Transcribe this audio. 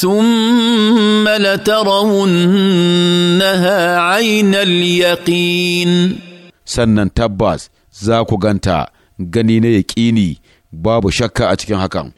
ثم لترونها عين اليقين sannan tabbas za ku ganta gani na yaƙini babu shakka a cikin hakan